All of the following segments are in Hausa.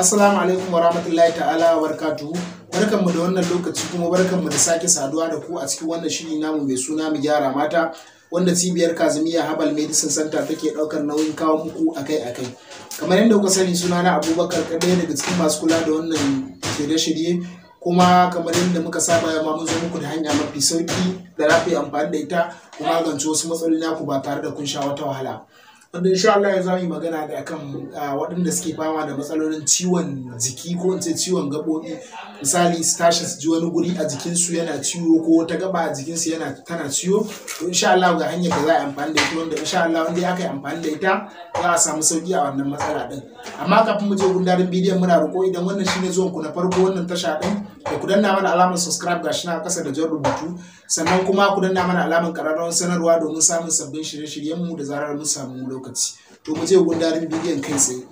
Assalamu alaikum wa ta'ala wa barakatuhu. Barkanmu da wannan lokaci kuma mu da sake saduwa da ku a cikin wannan shiri namu mai suna mu gyara mata wanda cibiyar Kazimiya Habal Medicine Center take daukar nauyin kawo muku akai-akai. Kamar yadda kuka sani suna na Abubakar ɗaya daga cikin masu kula da wannan shirye-shirye kuma kamar yadda muka saba ya ma mun zo muku da hanya mafi sauki da rafi amfani da ita kuma magance wasu matsaloli ku ba tare da kun sha wata wahala. wanda insha Allah ya zama magana da kan waɗanda suke fama da matsalolin ciwon jiki ko in ce ciwon gaɓoɓi misali su tashi ji wani guri a jikinsu yana ciwo ko wata gaba a jikinsu yana tana ciwo to insha Allah ga hanyar da za a yi amfani da ita wanda insha Allah wanda ya kai amfani da ita za a samu sauki a wannan matsala din amma kafin mu je gundarin bidiyon muna roƙo idan wannan shine zuwan ku na farko wannan tasha din da ku danna mana alamar subscribe gashi na kasa da jan rubutu sannan kuma ku danna mana alamar ƙararrawar sanarwa domin samun sabbin shirye-shiryenmu da zarar mu samu lokaci lokaci to mu je gundarin bidiyon kai tsaye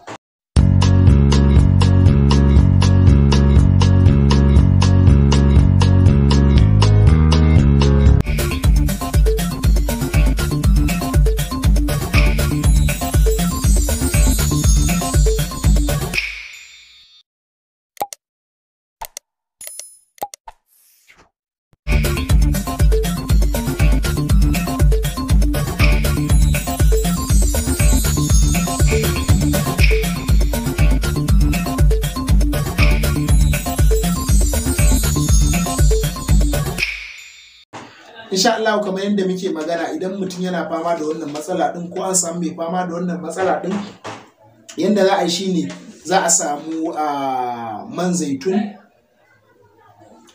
insha Allah kamar yadda muke magana idan mutum yana fama da wannan matsala din ko an samu mai fama da wannan matsala din yadda za a yi shine za a samu a man zaitun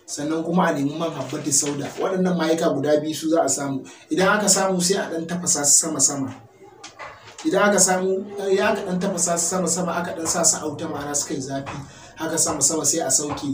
sannan kuma a nemi man habbati sauda waɗannan mayuka guda biyu su za a samu idan aka samu sai a ɗan tafasa su sama sama idan aka samu eh, ya aka ɗan tafasa su sama sama aka ɗan sa su auta ma'ana su kai zafi haka sama sama sai a sauke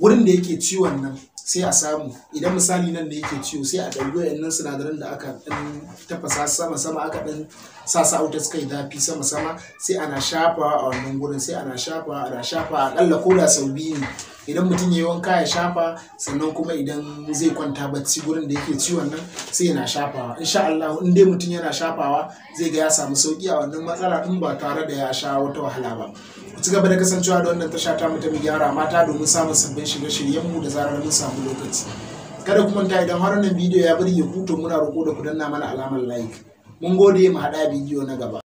wurin da yake ciwon nan sai a samu idan misali nan da yake ciwo sai a ɗauki wayannan sinadaran da aka ɗan tafasa sama sama aka ɗan sa sa wuta suka yi zafi sama sama sai ana shafawa a wannan gurin sai ana shafawa ana shafawa ƙalla ko da sau biyu ne idan mutum ya yi wanka ya shafa sannan kuma idan zai kwanta bacci gurin da yake ciwon nan sai yana shafawa insha Allah in dai mutum yana shafawa zai ga ya samu sauki a wannan matsala in ba tare da ya sha wata wahala ba ku ci gaba da kasancewa da wannan tasha ta mu gyara mata domin samun sabbin shirye-shiryen mu da zarar mun samu lokaci kada ku ta idan har wannan bidiyo ya bari ya huto muna roko da ku danna mana alamar like mun gode mu hada bidiyo na gaba